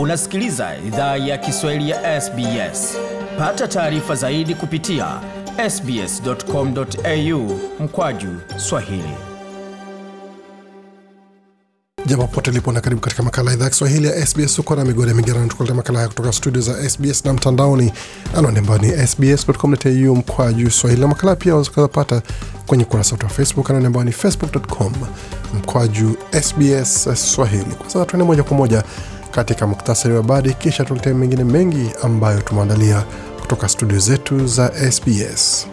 Unasikiliza idhaa ya Kiswahili ya SBS. Pata taarifa zaidi kupitia sbs.com.au mkwaju swahili. Jambo popote lipo na karibu katika makala idhaa ya Kiswahili ya SBS. huko na migodi ya migerano, tukuleta makala haya kutoka studio za SBS na mtandaoni, anwani ambayo ni sbs.com.au mkwaju swahili, na makala pia wazokazapata kwenye ukurasa wetu wa Facebook, anwani ambayo ni facebook.com mkwaju sbs swahili. Kwa sasa tuende moja kwa moja katika muktasari wa habari, kisha tuletea mengine mengi ambayo tumeandalia kutoka studio zetu za SBS.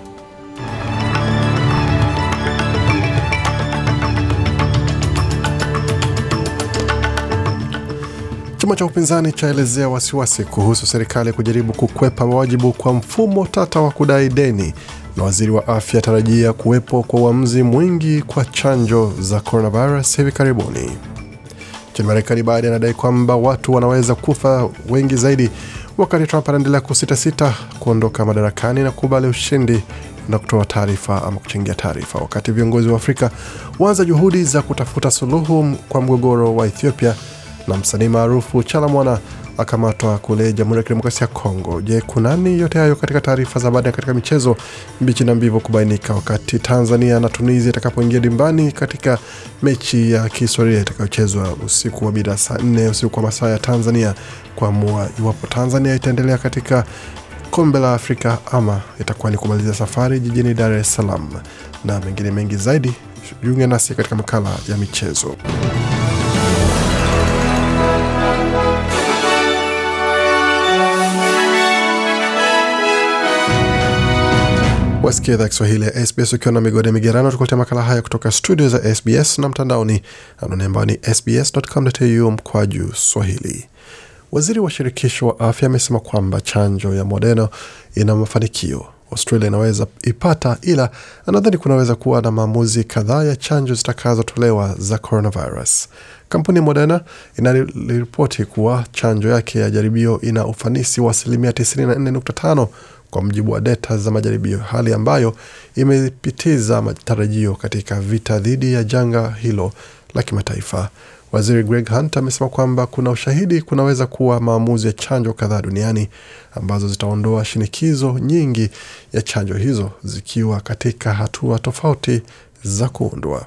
Chama cha upinzani chaelezea wasiwasi kuhusu serikali kujaribu kukwepa wajibu kwa mfumo tata wa kudai deni, na waziri wa afya atarajia kuwepo kwa uamuzi mwingi kwa chanjo za coronavirus hivi karibuni cha Marekani baada anadai kwamba watu wanaweza kufa wengi zaidi, wakati Trump anaendelea kusitasita kuondoka madarakani na kukubali ushindi na kutoa taarifa ama kuchangia taarifa, wakati viongozi wa Afrika waanza juhudi za kutafuta suluhu kwa mgogoro wa Ethiopia na msanii maarufu Chalamwana akamatwa kule Jamhuri ya Kidemokrasia ya Kongo. Je, kunani yote hayo katika taarifa za baada katika michezo mbichi na mbivu kubainika wakati Tanzania na Tunisia itakapoingia dimbani katika mechi ya kihistoria itakayochezwa usiku wa mida saa nne usiku wa masaa ya Tanzania kuamua iwapo Tanzania itaendelea katika kombe la Afrika ama itakuwa ni kumaliza safari jijini Dar es Salaam, na mengine mengi zaidi, jiunge nasi katika makala ya michezo. Wasikia idhaa Kiswahili ya SBS ukiwa na migode migerano, tukuletea makala haya kutoka studio za SBS na mtandaoni, anwani ambayo ni sbs.com.au juu swahili. Waziri wa shirikisho wa afya amesema kwamba chanjo ya Moderna ina mafanikio Australia inaweza ipata, ila anadhani kunaweza kuwa na maamuzi kadhaa ya chanjo zitakazotolewa za coronavirus. Kampuni ya Moderna inaripoti kuwa chanjo yake ya jaribio ina ufanisi wa asilimia 94.5 kwa mujibu wa data za majaribio, hali ambayo imepitiza matarajio katika vita dhidi ya janga hilo la kimataifa. Waziri Greg Hunt amesema kwamba kuna ushahidi kunaweza kuwa maamuzi ya chanjo kadhaa duniani ambazo zitaondoa shinikizo nyingi ya chanjo hizo zikiwa katika hatua tofauti za kuundwa.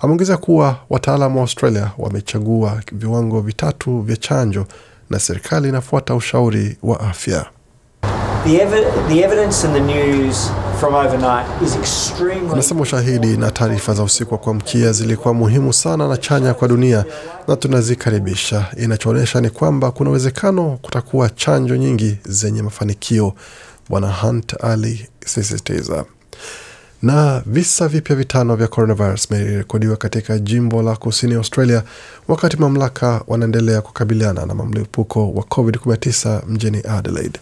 Ameongeza kuwa wataalamu wa Australia wamechagua viwango vitatu vya chanjo na serikali inafuata ushauri wa afya. Anasema ushahidi na taarifa za usiku wa kuamkia zilikuwa muhimu sana na chanya kwa dunia na tunazikaribisha. Inachoonyesha ni kwamba kuna uwezekano kutakuwa chanjo nyingi zenye mafanikio, Bwana Hunt alisisitiza. Na visa vipya vitano vya coronavirus vimerekodiwa katika jimbo la kusini Australia, wakati mamlaka wanaendelea kukabiliana na mlipuko wa COVID-19 mjini Adelaide.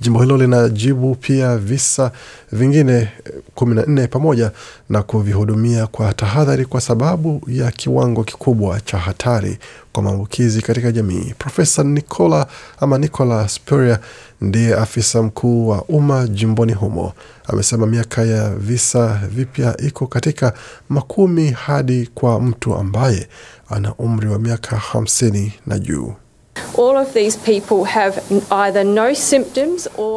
Jimbo hilo linajibu pia visa vingine 14 eh, pamoja na kuvihudumia kwa tahadhari kwa sababu ya kiwango kikubwa cha hatari kwa maambukizi katika jamii. Profesa Nicola ama Nicola Spuria ndiye afisa mkuu wa umma jimboni humo, amesema miaka ya visa vipya iko katika makumi hadi kwa mtu ambaye ana umri wa miaka hamsini na juu.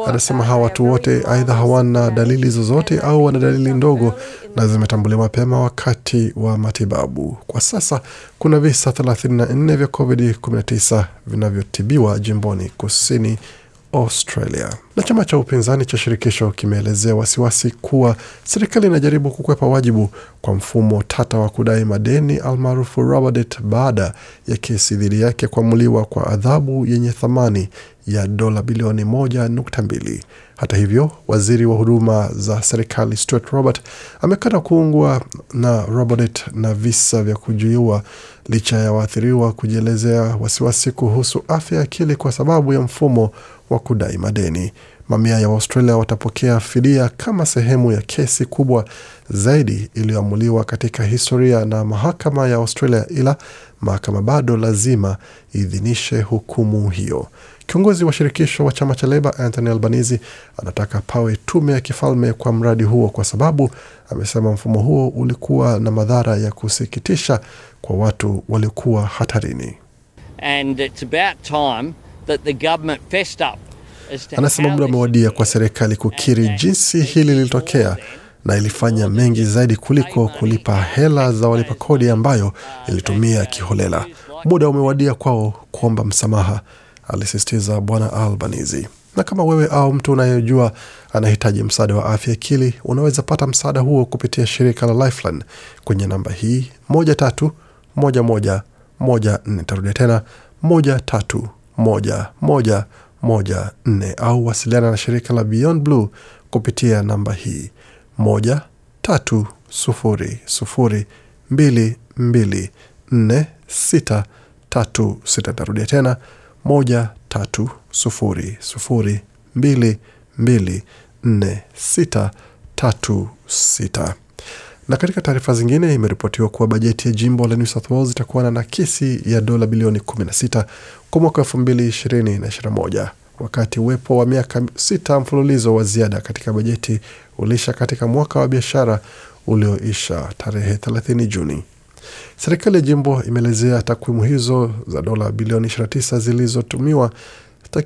Anasema hawa watu wote aidha hawana dalili zozote au wana dalili ndogo na zimetambuliwa mapema wakati wa matibabu. Kwa sasa kuna visa 34 vya COVID-19 vinavyotibiwa jimboni Kusini Australia. Na chama cha upinzani cha shirikisho kimeelezea wasiwasi kuwa serikali inajaribu kukwepa wajibu kwa mfumo tata wa kudai madeni almaarufu rubber debt baada ya kesi dhidi yake kuamuliwa kwa adhabu yenye thamani ya dola bilioni moja nukta mbili. Hata hivyo, waziri wa huduma za serikali Stuart Robert amekana kuungwa na Robodet na visa vya kujuiwa licha ya waathiriwa kujielezea wasiwasi kuhusu afya ya akili kwa sababu ya mfumo wa kudai madeni. Mamia ya Waustralia watapokea fidia kama sehemu ya kesi kubwa zaidi iliyoamuliwa katika historia na mahakama ya Australia, ila mahakama bado lazima iidhinishe hukumu hiyo. Kiongozi wa shirikisho wa chama cha Leba Anthony Albanese anataka pawe tume ya kifalme kwa mradi huo, kwa sababu amesema mfumo huo ulikuwa na madhara ya kusikitisha kwa watu waliokuwa hatarini. Anasema muda umewadia kwa serikali kukiri jinsi hili lilitokea na ilifanya mengi zaidi kuliko kulipa hela za walipa kodi ambayo ilitumia kiholela. Muda umewadia kwao kuomba msamaha alisisitiza Bwana Albanese. Na kama wewe au mtu unayejua anahitaji msaada wa afya akili, unaweza pata msaada huo kupitia shirika la Lifeline kwenye namba hii moja tatu moja moja moja nne. Tarudia tena moja tatu moja moja moja nne, au wasiliana na shirika la Beyond Blue kupitia namba hii moja tatu sufuri sufuri mbili mbili nne sita tatu sita. Tarudia tena moja tatu sufuri sufuri mbili mbili nne sita tatu sita. Na katika taarifa zingine imeripotiwa kuwa bajeti ya jimbo la New South Wales itakuwa na nakisi ya dola bilioni 16 kwa mwaka 2020 na 21 wakati uwepo wa miaka sita mfululizo wa ziada katika bajeti uliisha katika mwaka wa biashara ulioisha tarehe 30 Juni. Serikali ya jimbo imeelezea takwimu hizo za dola bilioni 29 zilizotumiwa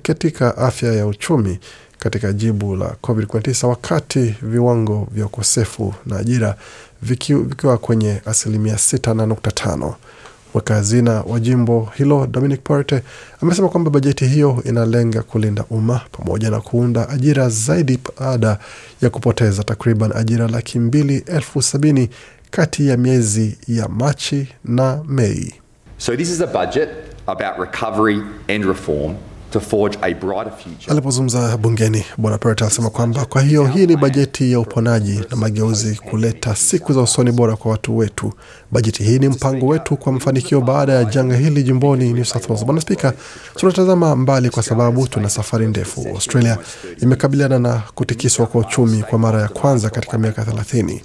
katika afya ya uchumi katika jibu la COVID-19 wakati viwango vya ukosefu na ajira vikiwa kwenye asilimia 6.5. Mweka hazina wa jimbo hilo Dominic Porte amesema kwamba bajeti hiyo inalenga kulinda umma pamoja na kuunda ajira zaidi baada ya kupoteza takriban ajira laki mbili elfu sabini kati ya miezi ya Machi na Mei. So this is a budget about recovery and reform Alipozungumza bungeni Bwana Perot alisema kwamba kwa hiyo hii ni bajeti ya uponaji na mageuzi kuleta siku za usoni bora kwa watu wetu. Bajeti hii ni mpango wetu kwa mafanikio baada ya janga hili jimboni New South Wales. Bwana Spika, tunatazama mbali kwa sababu tuna safari ndefu. Australia imekabiliana na kutikiswa kwa uchumi kwa mara ya kwanza katika miaka 30.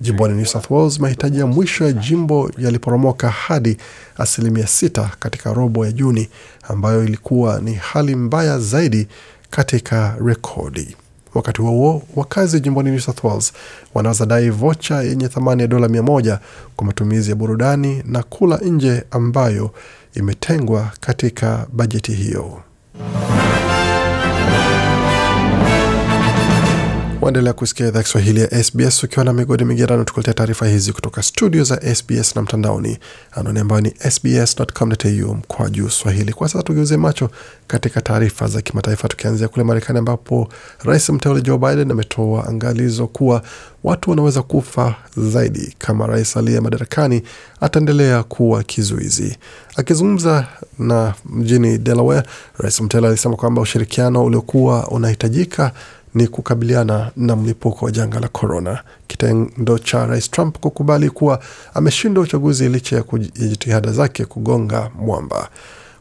Jimboni New South Wales, mahitaji ya mwisho ya jimbo yaliporomoka hadi asilimia 6 katika robo ya Juni ambayo ilikuwa ni hali mbaya zaidi katika rekodi. Wakati huo huo, wakazi jimboni New South Wales wanaweza dai vocha yenye thamani ya dola mia moja kwa matumizi ya burudani na kula nje ambayo imetengwa katika bajeti hiyo. Waendelea kusikia idhaa Kiswahili ya SBS ukiwa na migodi migerano, tukuletea taarifa hizi kutoka studio za SBS na mtandaoni, anwani ambayo ni sbs.com.au mkwa juu swahili. Kwa sasa tugeuze macho katika taarifa za kimataifa, tukianzia kule Marekani ambapo rais mteule Joe Biden ametoa angalizo kuwa watu wanaweza kufa zaidi kama rais aliye madarakani ataendelea kuwa kizuizi. Akizungumza na mjini Delaware, rais mteule alisema kwamba ushirikiano uliokuwa unahitajika ni kukabiliana na mlipuko wa janga la corona. Kitendo cha rais Trump kukubali kuwa ameshindwa uchaguzi licha ya jitihada zake kugonga mwamba.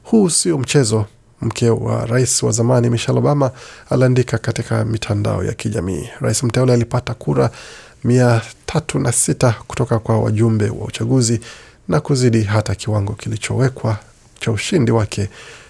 Huu sio mchezo, mke wa rais wa zamani Michelle Obama aliandika katika mitandao ya kijamii. Rais mteule alipata kura mia tatu na sita kutoka kwa wajumbe wa uchaguzi na kuzidi hata kiwango kilichowekwa cha ushindi wake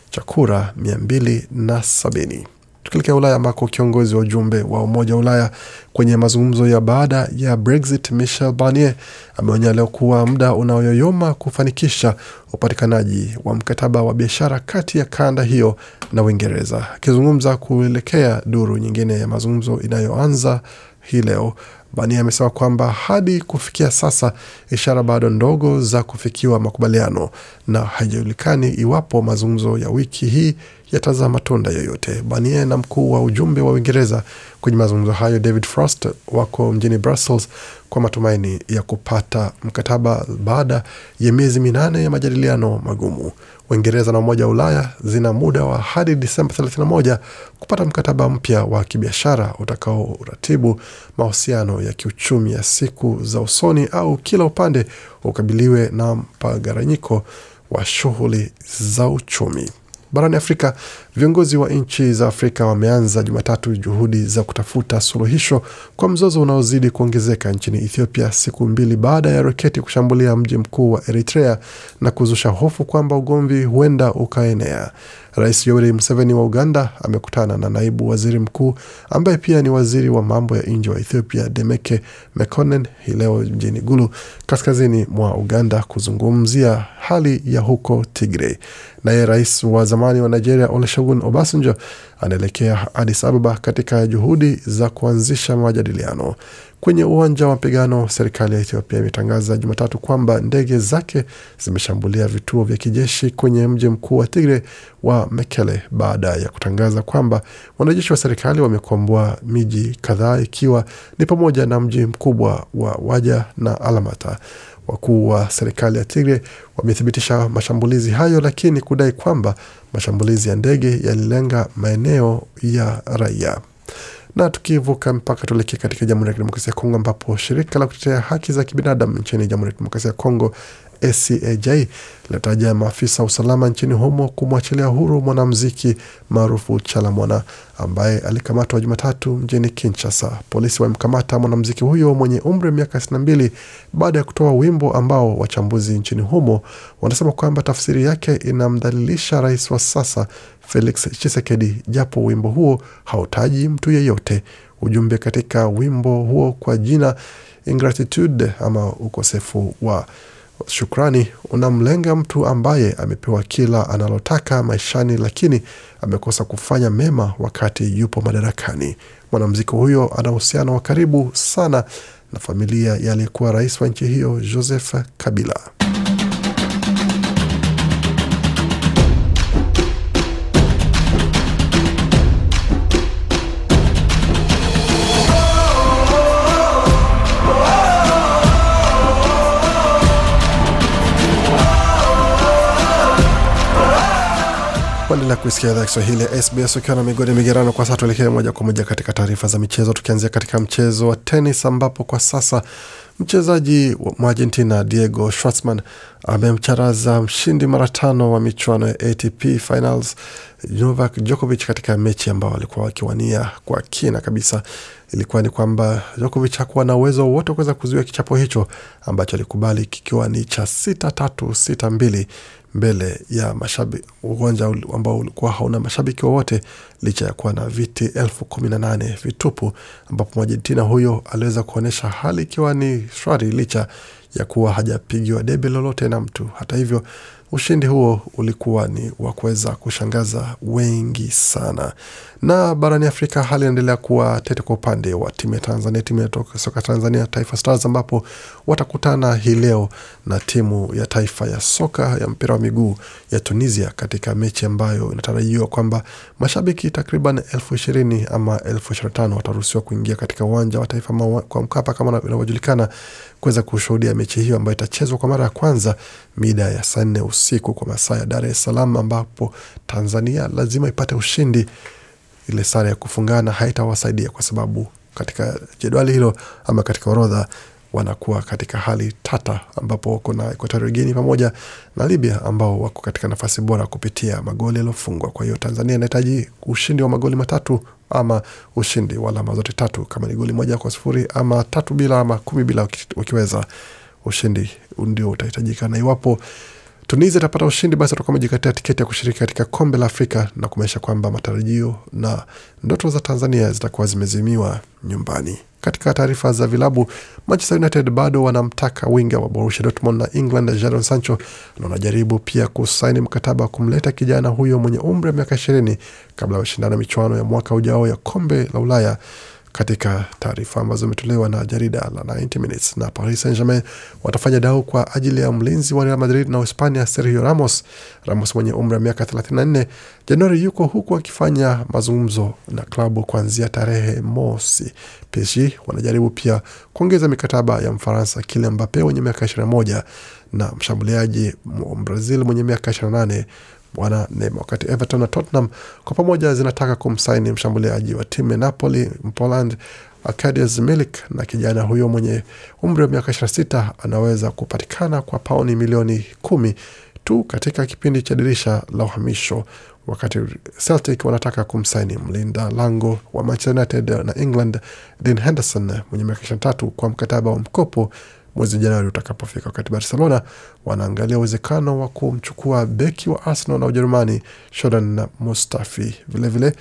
cha kura mia mbili na sabini. Tukielekea Ulaya ambako kiongozi wa ujumbe wa Umoja wa Ulaya kwenye mazungumzo ya baada ya Brexit, Michel Barnier ameonya leo kuwa muda unayoyoma kufanikisha upatikanaji wa mkataba wa biashara kati ya kanda hiyo na Uingereza. Akizungumza kuelekea duru nyingine ya mazungumzo inayoanza hii leo, Barnier amesema kwamba hadi kufikia sasa ishara bado ndogo za kufikiwa makubaliano, na haijulikani iwapo mazungumzo ya wiki hii yatazaa matunda yoyote. Barnier na mkuu wa ujumbe wa Uingereza kwenye mazungumzo hayo David Frost wako mjini Brussels kwa matumaini ya kupata mkataba baada ya miezi minane ya majadiliano magumu. Uingereza na Umoja wa Ulaya zina muda wa hadi Disemba 31 kupata mkataba mpya wa kibiashara utakaoratibu mahusiano ya kiuchumi ya siku za usoni, au kila upande ukabiliwe na mpagaranyiko wa shughuli za uchumi. But on Africa, Viongozi wa nchi za Afrika wameanza Jumatatu juhudi za kutafuta suluhisho kwa mzozo unaozidi kuongezeka nchini Ethiopia, siku mbili baada ya roketi kushambulia mji mkuu wa Eritrea na kuzusha hofu kwamba ugomvi huenda ukaenea. Rais Yoweri Museveni wa Uganda amekutana na naibu waziri mkuu ambaye pia ni waziri wa mambo ya nje wa Ethiopia, Demeke Mekonnen, hii leo mjini Gulu, kaskazini mwa Uganda, kuzungumzia hali ya huko Tigray. Naye rais wa zamani wa Nigeria Olusegun Olusegun Obasanjo anaelekea Addis Ababa katika juhudi za kuanzisha majadiliano. Kwenye uwanja wa mapigano, serikali ya Ethiopia imetangaza Jumatatu kwamba ndege zake zimeshambulia vituo vya kijeshi kwenye mji mkuu wa Tigre wa Mekele baada ya kutangaza kwamba wanajeshi wa serikali wamekomboa miji kadhaa ikiwa ni pamoja na mji mkubwa wa Waja na Alamata. Wakuu wa serikali ya Tigre wamethibitisha mashambulizi hayo, lakini kudai kwamba mashambulizi ya ndege yalilenga maeneo ya raia. Na tukivuka mpaka tuelekee katika Jamhuri ya Kidemokrasia ya Kongo, ambapo shirika la kutetea haki za kibinadamu nchini Jamhuri ya Kidemokrasia ya Kongo SCAJ linataja maafisa usalama nchini humo kumwachilia huru mwanamziki maarufu Chalamwana ambaye alikamatwa Jumatatu mjini Kinshasa. Polisi wamemkamata mwanamziki huyo mwenye umri wa miaka 62 baada ya kutoa wimbo ambao wachambuzi nchini humo wanasema kwamba tafsiri yake inamdhalilisha rais wa sasa Felix Tshisekedi, japo wimbo huo hautaji mtu yeyote. Ujumbe katika wimbo huo kwa jina ingratitude ama ukosefu wa shukrani unamlenga mtu ambaye amepewa kila analotaka maishani, lakini amekosa kufanya mema wakati yupo madarakani. mwanamziki huyo ana uhusiano wa karibu sana na familia yaliyekuwa rais wa nchi hiyo Joseph Kabila. kuisikia idhaa Kiswahili ya SBS ukiwa na migodi migerano. Kwa sasa tuelekee moja kwa moja katika taarifa za michezo, tukianzia katika mchezo wa tenis ambapo kwa sasa mchezaji wa Argentina Diego Schwartzman amemcharaza mshindi mara tano wa michuano ya ATP Finals Novak Djokovic katika mechi ambao walikuwa wakiwania kwa kina kabisa, ilikuwa ni kwamba Djokovic hakuwa na uwezo wote kuweza kuzuia kichapo hicho ambacho alikubali kikiwa ni cha sita tatu sita mbili mbele ya mashabi, uwanja ambao ulikuwa hauna mashabiki wowote licha ya kuwa na viti elfu kumi na nane vitupu, ambapo mwajitina huyo aliweza kuonyesha hali ikiwa ni shwari licha ya kuwa hajapigiwa debe lolote na mtu. Hata hivyo Ushindi huo ulikuwa ni wa kuweza kushangaza wengi sana. Na barani Afrika hali inaendelea kuwa tete kwa upande wa timu ya Tanzania, timu ya soka Tanzania Taifa Stars, ambapo watakutana hii leo na timu ya taifa ya soka ya mpira wa miguu ya Tunisia katika mechi ambayo inatarajiwa kwamba mashabiki takriban elfu ishirini ama elfu ishirini na tano wataruhusiwa kuingia katika uwanja wa taifa kwa Mkapa kama inavyojulikana kuweza kushuhudia mechi hiyo ambayo itachezwa kwa mara ya kwanza mida ya saa nne usiku kwa masaa ya Dar es Salaam, ambapo Tanzania lazima ipate ushindi. Ile sare ya kufungana haitawasaidia kwa sababu katika jedwali hilo ama katika orodha wanakuwa katika hali tata, ambapo wako na Equatorial Guinea pamoja na Libya ambao wako katika nafasi bora kupitia magoli yaliyofungwa. Kwa hiyo Tanzania inahitaji ushindi wa magoli matatu ama ushindi wa alama zote tatu, kama ni goli moja kwa sifuri ama tatu bila ama kumi bila ukiweza ushindi ndio utahitajika, na iwapo Tunisia itapata ushindi, basi watakuwa mejikatia tiketi ya kushiriki katika kombe la Afrika na kumaanisha kwamba matarajio na ndoto za Tanzania zitakuwa zimezimiwa nyumbani. Katika taarifa za vilabu, Manchester United bado wanamtaka winga wa Borussia Dortmund na England Jadon Sancho, na wanajaribu pia kusaini mkataba wa kumleta kijana huyo mwenye umri wa miaka ishirini kabla ya mashindano ya michuano ya mwaka ujao ya kombe la Ulaya katika taarifa ambazo imetolewa na jarida la 90 Minutes. Na Paris Saint-Germain watafanya dau kwa ajili ya mlinzi wa Real Madrid na Uhispania Sergio Ramos. Ramos mwenye umri wa miaka 34 Januari yuko huku akifanya mazungumzo na klabu kuanzia tarehe mosi. PSG wanajaribu pia kuongeza mikataba ya Mfaransa Kylian Mbappe mwenye miaka 21 na mshambuliaji Mbrazil mwenye miaka 28 Bwana Neymar, wakati Everton na Tottenham kwa pamoja zinataka kumsaini mshambuliaji wa timu ya Napoli Mpoland Arkadiusz Milik, na kijana huyo mwenye umri wa miaka 26 anaweza kupatikana kwa pauni milioni kumi tu katika kipindi cha dirisha la uhamisho, wakati Celtic wanataka kumsaini mlinda lango wa Manchester United na England Dean Henderson mwenye miaka 23 kwa mkataba wa mkopo mwezi Januari utakapofika, wakati Barcelona wanaangalia uwezekano wa kumchukua beki wa Arsenal na Ujerumani Shodan na Mustafi. Vilevile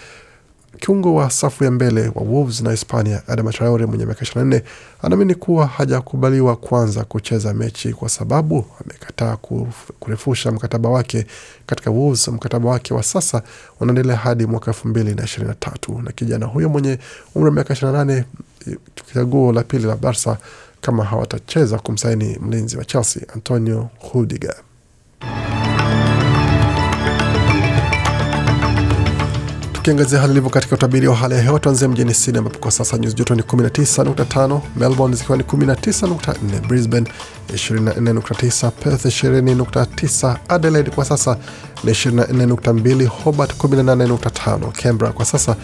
kiungo wa safu ya mbele wa Wolves na Hispania Adama Traore mwenye miaka nne anaamini kuwa hajakubaliwa kwanza kucheza mechi kwa sababu amekataa kurefusha mkataba wake katika Wolves. Mkataba wake wa sasa unaendelea hadi mwaka mbili na kijana huyo mwenye umri wa miaka nane eh, chaguo la pili la Barca kama hawatacheza kumsaini mlinzi wa Chelsea Antonio Rudiger. Tukiangazia hali ilivyo katika utabiri wa hali ya hewa, tuanzie mjini Sydney ambapo kwa sasa nyuzi joto ni 19.5, Melbourne zikiwa ni 19.4, Brisbane 24.9, Perth 20.9, Adelaide kwa sasa ni 24.2, Hobart 18.5, Canberra kwa sasa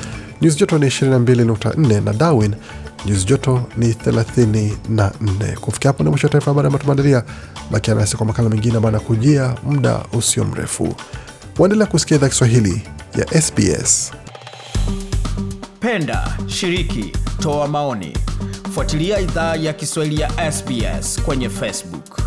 nyuzi joto ni 22.4 na Darwin nyuzi joto ni 34. Kufikia hapo ni mwisho wa taarifa habari ambayo tumeandalia. Bakia nasi kwa makala mengine ambayo anakujia muda usio mrefu. Waendelea kusikia idhaa Kiswahili ya SBS. Penda, shiriki, toa maoni, fuatilia idhaa ya Kiswahili ya SBS kwenye Facebook.